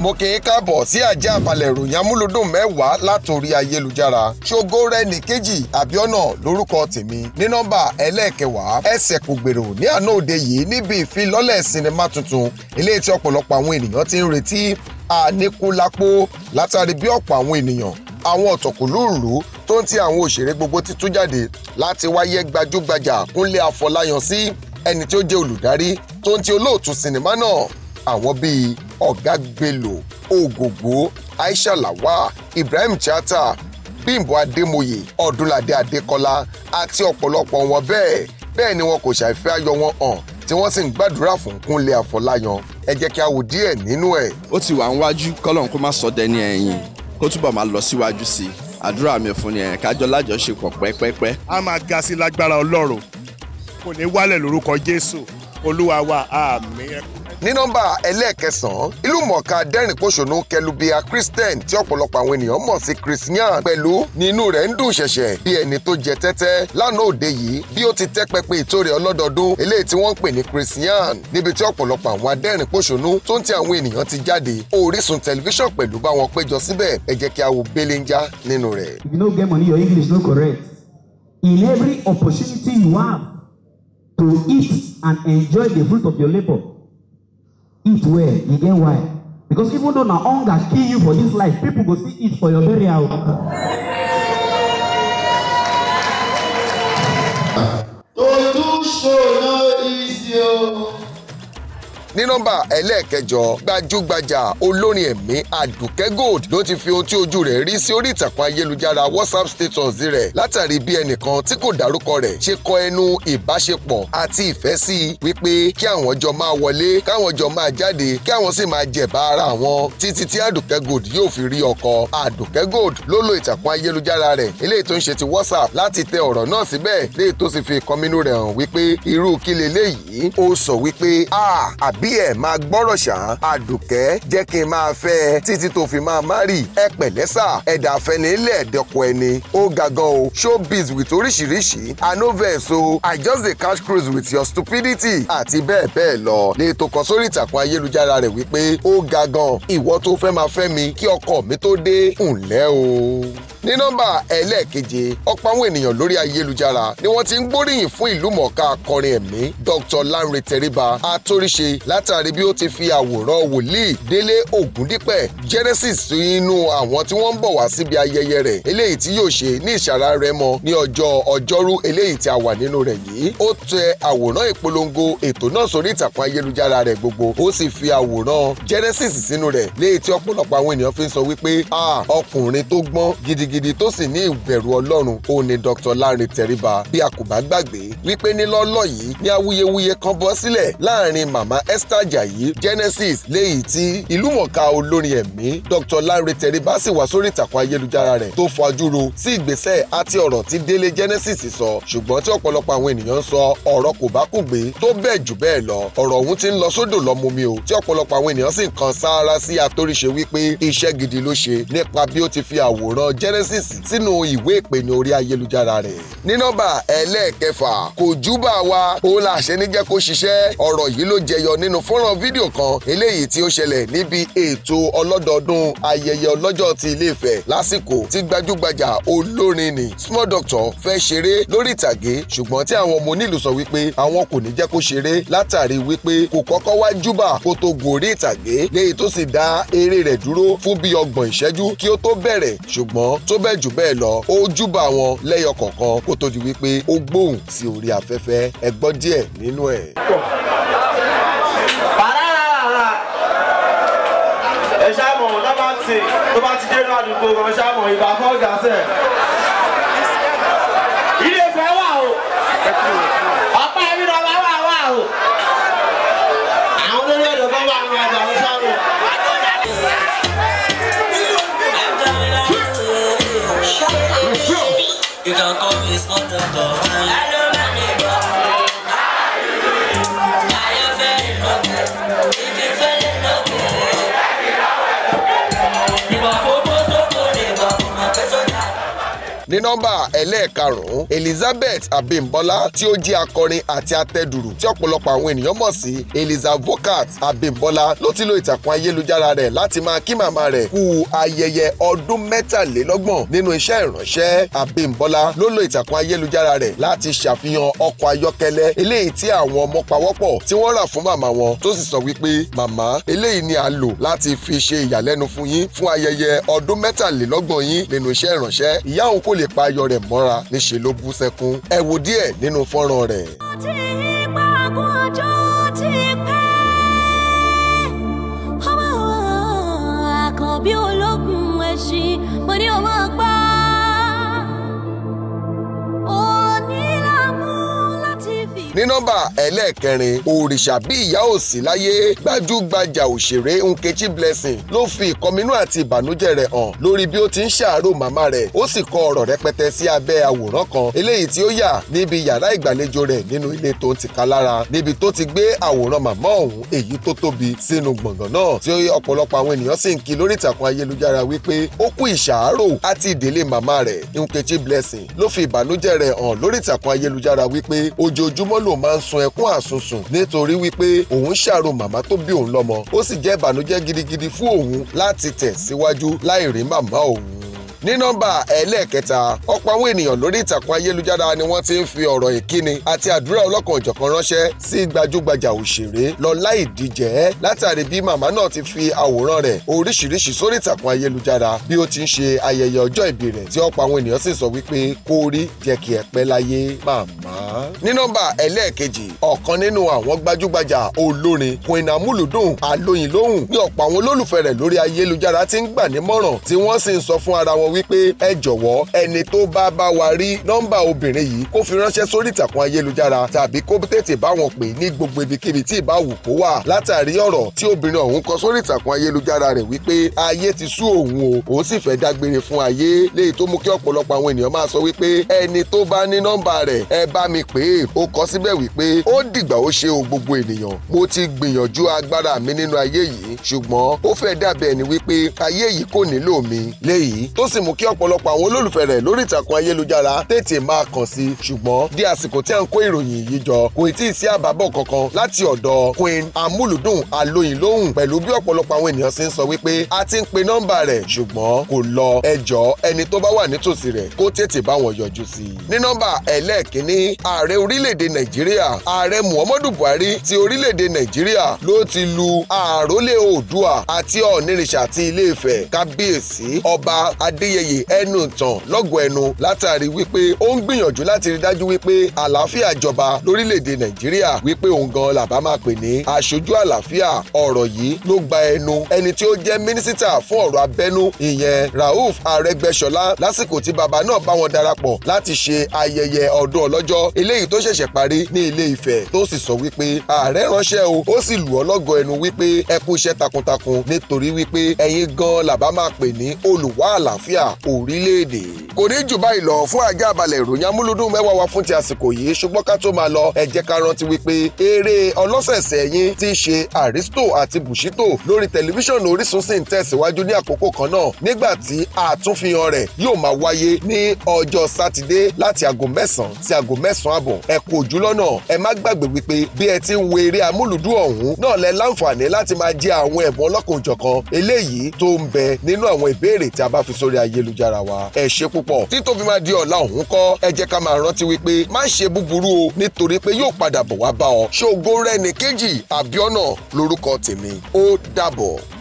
mo kì í káàbọ̀ sí àjà àbàlẹ̀ ìròyìn amúlòdùn mẹ́wàá látòrí ayélujára ṣògo rẹ nìkejì àbíọ́nà lórúkọ tèmi ní nọ́mbà ẹlẹ́ẹ̀kẹwàá ẹsẹ̀ kò gbèrò ní àná òde yìí níbi ìfilọ́lẹ̀ sinimá tuntun eléyìí tí ọ̀pọ̀lọpọ̀ àwọn ènìyàn ti ń retí àníkúlápó látàrí bí ọ̀pọ̀ àwọn ènìyàn àwọn ọ̀tọ̀kùlúùlù tó ń ti àwọn òṣèré gbogbo títú jáde láti wáyé gbajúgbajà Kúnlé Afọláyan sí ẹni tí ó jẹ́ olùdarí tó ń ti olóòtú sinimá náà àwọn bíi ọ̀gá gbèlò ògògbó aisha Lawa ibrahim chata bímbọ adémoyè ọdúnládé adékọlá àti ọ̀pọ̀lọpọ̀ wọn bẹ́ẹ̀ bẹ́ẹ̀ ni wọn kò ṣàìfẹ́ ayọ̀ wọn hàn tí wọ́n sì ń gbàdúrà fún kúnlé àfọláyàn ẹ jẹ́ kí a wò díẹ̀ nínú ẹ̀. ó ti wà ń wájú kọ́lọ́n kó má sọ dẹni ẹ̀yìn kó túbọ̀ máa lọ síwájú sí i àdúrà mi fún ni ẹ̀ kájọ lájọṣepọ̀ pẹ́pẹ́pẹ́. a máa ga sí lágbára ọlọ́run kò ní wálẹ̀ lórúkọ jésù olúwa wa àmín ní nọ́mbà ẹlẹ́ẹ̀kẹsàn-án ìlúmọ̀ọ́ká dẹ́rìn-pọ̀ṣọ́nù kẹlubia christian tí ọ̀pọ̀lọpọ̀ àwọn ènìyàn mọ̀ sí christian pẹ̀lú ní inú rẹ̀ ń dùn ṣẹ̀ṣẹ̀ bí ẹni tó jẹ tẹ́tẹ́ lánàá òde yìí bí ó ti tẹ́ pẹpẹ ètò rẹ̀ ọlọ́dọọdún eléyìí tí wọ́n ń pè ní christian níbi tí ọ̀pọ̀lọpọ̀ àwọn adẹ́rìn-pọ̀ṣọ́nù tó ń ti àwọn ènìyàn ti jáde orísun tẹlifíṣàn you no get money your english no correct in every opportunity you have to eat and enjoy the fruit of your labour eat well you get why because even though na hunger kill you for this life people go still eat for your burial. to do show no easy o ní nọ́mbà ẹlẹ́ẹ̀kẹjọ gbajúgbajà olórin ẹ̀mí àdùkẹ́ gold ló ti fi ohun tí ojú rẹ̀ rí sí orí ìtàkùn ayélujára whatsapp status rẹ̀ látàrí bí ẹnìkan tí kò dárúkọ rẹ̀ ṣe kọ ẹnu ìbáṣepọ̀ àti ìfẹ́ sí i wípé kí àwọn jọ máa wọlé káwọn jọ máa jáde kí àwọn sì máa jẹ̀bá ara wọn títí tí àdùkẹ́ gold yóò fi rí ọkọ àdùkẹ́ gold ló lo ìtàkùn ayélujára rẹ̀ eléyìí tó ń ṣe ti whatsapp láti tẹ ọ̀rọ̀ náà síbẹ̀ léyìí tó sì fi ìkọminú rẹ̀ hàn wípé irú kí leléyìí ó sọ wípé a àb bí ẹ̀ máa gbọ́rọ̀ ṣá àdùkẹ́ jẹ́ kí n máa fẹ́ ẹ títí tó fi máa má rì ẹ pẹ̀lẹ́sà ẹ̀dà àfẹnilẹ̀ ẹ̀dẹ̀kọ̀ ẹni ó ga o showbiz with oríṣiríṣi anovex i just dey catch cruise with your stupidity àti bẹ́ẹ̀ bẹ́ẹ̀ lọ lè tó kọ sórí ìtàkùn ayélujára rẹ̀ wípé ó ga gan ìwọ tó fẹ́ máa fẹ́ mi kí ọkọ mi tó dé ǹlẹ́ o ní nọ́mbà ẹlẹ́ẹ̀keje ọ̀pọ̀ àwọn ènìyàn lórí ayélujára ni wọ́n ti ń gbóríyìn fún ìlú mọ̀ọ́ká akọrin ẹ̀mí Dr. Lanre Teriba atóríṣe látàrí bí ó ti fi àwòrán wòlíì Délé Ògúndípẹ̀ Genesis sínú àwọn tí wọ́n ń bọ̀ wá síbi ayẹyẹ rẹ̀ eléyìí tí yóò ṣe ní ìṣàrá Rẹ́mọ ní ọjọ́ ọjọ́rú eléyìí tí a wà nínú rẹ̀ yìí ó tẹ àwòrán ìpolongo ètò náà sórí ìtàkùn ayélujára rẹ̀ gbogbo ó sì fi àwòrán Genesis sínú rẹ̀ léyìí tí ọ̀pọ̀lọpọ̀ àwọn ènìyàn fi ń sọ wípé ọkùnrin tó gbọ́n gidi gidigidi tó sì ní ìbẹ̀rù ọlọ́run òun ni Dr. Larry Teriba bí a kò bá gbàgbé wípé nílọ́lọ́ yìí ni awuyewuye kan bọ́ sílẹ̀ láàrin Mama Esther Ajayi Genesis léyìí tí ìlúmọ̀ọ́ká olórin ẹ̀mí Dr. Larry Teriba sì wá sórí ìtàkùn ayélujára rẹ̀ tó fajúro sí ìgbésẹ̀ àti ọ̀rọ̀ tí Délé Genesis sọ ṣùgbọ́n tí ọ̀pọ̀lọpọ̀ àwọn ènìyàn ń sọ ọ̀rọ̀ kò bá kùn gbé tó bẹ́ẹ̀ jù bẹ́ẹ̀ lọ ọ̀rọ̀ ọ̀hún ti ń lọ sódò lọ́mọmi o tí ọ̀pọ̀lọpọ̀ àwọn ènìyàn sì ń kan sáárá sí atóríṣe wípé iṣẹ́ gidi ló ṣe nípa bí ó ti fi àwòrán Genesis Genesis sínú ìwé ìpèní orí ayélujára rẹ̀. ní nọ́mbà ẹlẹ́ẹ̀kẹfà Kòjúbà wa òun là ṣe ní jẹ́ kó ṣiṣẹ́ ọ̀rọ̀ yìí ló jẹyọ nínú fọ́nrán fídíò kan eléyìí tí ó ṣẹlẹ̀ níbi ètò ọlọ́dọọdún ayẹyẹ ọlọ́jọ́ ti Ilé lásìkò tí gbajúgbajà olórin ni Small Doctor fẹ́ ṣeré lórí ìtàgé ṣùgbọ́n tí àwọn ọmọ onílù sọ wípé àwọn kò ní jẹ́ kó ṣeré látàrí wípé kò kọ́kọ́ wá júbà kó tó gòrí ìtàgé léyìí tó sì dá eré rẹ̀ dúró fún bíi ọgbọ̀n ìṣẹ́jú kí ó tó bẹ̀rẹ̀ ṣùgbọ́n tó bẹ́ẹ̀ jù bẹ́ẹ̀ lọ ó júbà wọn lẹ́yọ kọ̀ọ̀kan kó tó di wípé ó gbóhùn sí orí afẹ́fẹ́ ẹ gbọ́ díẹ̀ nínú ẹ̀. ẹ ṣáàmù ọ̀dọ́ bá ti tó bá ti dé inú àdúgbò kan ṣáàmù ìbá fọ́ọ̀gà sẹ́ẹ̀. Vamos lá, vamos lá, vamos lá. You can call me Spot ní nọ́mbà ẹlẹ́ẹ̀karùn Elizabeth Abimbola tí ó jẹ́ akọrin àti atẹ́dùrù tí ọ̀pọ̀lọpọ̀ àwọn ènìyàn mọ̀ sí Eliza Vokat Abimbola ló ti lo ìtàkùn ayélujára rẹ̀ láti máa kí màmá rẹ̀ kú ayẹyẹ ọdún mẹ́tàlélọ́gbọ̀n nínú iṣẹ́ ìránṣẹ́ Abimbola ló lo ìtàkùn ayélujára rẹ̀ láti ṣàfihàn ọkọ̀ ayọ́kẹ́lẹ́ eléyìí tí àwọn ọmọ pawọ́pọ̀ tí wọ́n rà fún màmá wọn tó sì sọ wípé màmá eléyìí ni a lò láti fi ṣe ìyàlẹ́nu fún yín fún ayẹyẹ ọdún mẹ́tàlélọ́gbọ̀n yín nínú iṣẹ́ ìránṣẹ́ ìyá òun kò l lè pa ayọ̀ rẹ̀ mọ́ra níṣẹ́ ló bú sẹ́kún ẹ wo díẹ̀ nínú fọ́nrán rẹ̀. mo ní ọmọ ní nọ́mbà ẹlẹ́ẹ̀kẹrin òrìṣà bí ìyá òsì láyé gbajúgbajà òṣèré Nkechi Blessing ló fi ìkọminú àti ìbànújẹ́ rẹ̀ hàn lórí bí ó ti ń ṣàárò màmá rẹ̀ ó sì kọ ọ̀rọ̀ rẹpẹtẹ sí abẹ́ àwòrán kan eléyìí tí ó yà níbi yàrá ìgbàlejò rẹ̀ nínú ilé tó ń ti ká lára níbi tó ti gbé àwòrán màmá ọ̀hún èyí tó tóbi sínú gbọ̀ngàn náà tí ọ̀pọ̀lọpọ̀ àwọn ènìyàn sì ń kí lórí ìtàkùn ayélujára wípé ó kú ìṣàárò àti ìdílé màmá rẹ̀ Nkechi Blessing ló fi ìbànújẹ́ rẹ̀ hàn lórí ìtàkùn ayélujára wípé ojoojúmọ́ l Bello máa ń sun ẹkún àsunsùn nítorí wípé òun ṣàrò màmá tó bí òun lọ́mọ ó sì jẹ́ ìbànújẹ́ gidigidi fún òun láti tẹ̀ síwájú láì rí màmá òun ní nọ́mbà ẹlẹ́ẹ̀kẹta ọ̀pọ̀ àwọn ènìyàn lórí ìtàkùn ayélujára ni wọ́n ti ń fi ọ̀rọ̀ ìkíni àti àdúrà ọlọ́kan òjọ̀kan ránṣẹ́ sí gbajúgbajà òṣèré Lọlá Ìdíjẹ́ látàrí bí màmá náà ti fi àwòrán rẹ̀ oríṣiríṣi sórí ìtàkùn ayélujára bí ó ti ń ṣe ayẹyẹ ọjọ́ ìbí rẹ̀ tí ọ̀pọ̀ àwọn ènìyàn sì sọ wípé kó rí jẹ́ kí ẹ pẹ́ láyé màmá. ní nọ́mbà ẹlẹ́ẹ̀kejì ọ̀kan nínú àwọn gbajúgbajà olórin Queen Amúlùdùn Alóyinlóhùn ní ọ̀pọ̀ àwọn wọn wípé ẹ jọ̀wọ́ ẹni tó bá bá wa rí nọ́mbà obìnrin yìí kó fi ránṣẹ́ sórí ìtàkùn ayélujára tàbí kó tètè bá wọn pè ní gbogbo ibikíbi tí ìbá wù kó wà látàrí ọ̀rọ̀ tí obìnrin ọ̀hún kọ sórí ìtàkùn ayélujára rẹ̀ wípé ayé ti sú òun o òun sì fẹ́ dágbére fún ayé léyìí tó mú kí ọ̀pọ̀lọpọ̀ àwọn ènìyàn máa sọ wípé ẹni tó bá ní nọ́mbà rẹ̀ ẹ bá mi pè é ó kọ síbẹ̀ wípé ó dìgbà ó ṣe o gbogbo ènìyàn mo ti gbìyànjú agbára mi nínú ayé yìí ṣùgbọ́n ó fẹ́ dàbẹ̀ ni wípé ayé yìí kò nílò mi léyìí tó sì sì mú kí ọ̀pọ̀lọpọ̀ àwọn olólùfẹ́ rẹ̀ lórí ìtàkùn ayélujára tètè máa kàn sí ṣùgbọ́n di àsìkò tí à ń kó ìròyìn yìí jọ kò tí ì sí àbábọ̀ kankan láti ọ̀dọ̀ Queen Amúlùdùn Alóyin pẹ̀lú bí ọ̀pọ̀lọpọ̀ àwọn ènìyàn ṣe ń sọ wípé a ti ń pe nọ́mbà rẹ̀ ṣùgbọ́n kò lọ ẹjọ́ ẹni tó bá wà nítòsí rẹ̀ kó tètè bá wọn yọjú sí i. ní nọ́mbà ẹlẹ́ẹ̀kínní ààrẹ orílẹ̀-èdè Nàìjíríà ààrẹ Muhammadu Buhari ti orílẹ̀-èdè Nàìjíríà ló ti lu àrólé Oòduà àti Ọ̀nìrìṣà ti Ilé-Ifẹ̀ kábíyèsí ọba adéyẹyè ẹnu tàn lọ́gọ̀ ẹnu látàrí wípé ó ń gbìyànjú láti rí dájú wípé àlàáfíà jọba lórílẹ̀‐èdè nàìjíríà wípé òun gan làbá máa pè ní aṣojú àlàáfíà ọ̀rọ̀ yìí ló gba ẹnu ẹni tí ó jẹ́ mínísítà fún ọ̀rọ̀ abẹ́nú ìyẹn rauf arẹ́gbẹ́ṣọlá lásìkò tí bàbá náà bá wọn darapọ̀ láti ṣe ayẹyẹ ọdún ọlọ́jọ́ eléyìí tó ṣẹ̀ṣẹ̀ parí ní ilé ifẹ̀ tó sì sọ wípé ààrẹ ránṣẹ́ o ó sì lù ọ́ lọ́gọ̀ ẹnu wípé ẹ kú iṣẹ́ takuntakun nítorí wípé ẹ̀yin gan làbá máa pè ní olùwà àlàáfíà àlàáfíà orílẹ̀-èdè. kò ní jù báyìí lọ fún àjàbalẹ̀ ìròyìn amúlùdùn mẹ́wàá wa fún ti àsìkò yìí ṣùgbọ́n ká tó máa lọ ẹ jẹ́ ká rántí wípé eré ọlọ́sẹ̀ẹ̀sẹ̀ yín ti ṣe àrísítò àti bùṣítò lórí tẹlifíṣàn Orísun sì ń tẹ̀síwájú ní àkókò kan náà nígbà tí àtúnfihàn rẹ̀ yóò máa wáyé ní ọjọ́ sátidé láti aago mẹ́sàn-án sí aago mẹ́sàn-án àbọ̀ ẹ kò jù lọ́nà ẹ má gbàgbé wípé bí ẹ ti ń wo eré amúlùdùn ọ̀hún náà lẹ láǹfààní láti máa jẹ àwọn ẹ̀bùn ọlọ́kan eléyìí tó ń bẹ nínú àwọn ìbéèrè tí a bá fi sórí ay ayélujára wa ẹ ṣe púpọ̀ títò fi máa di ọ̀la òun kọ́ ẹ jẹ́ ká máa rántí wípé má ṣe búburú o nítorí pé yóò padà bọ̀ wá bá ọ ṣògo rẹ̀ nìkejì àbíọ́nà lórúkọ tèmi ó dàbọ̀.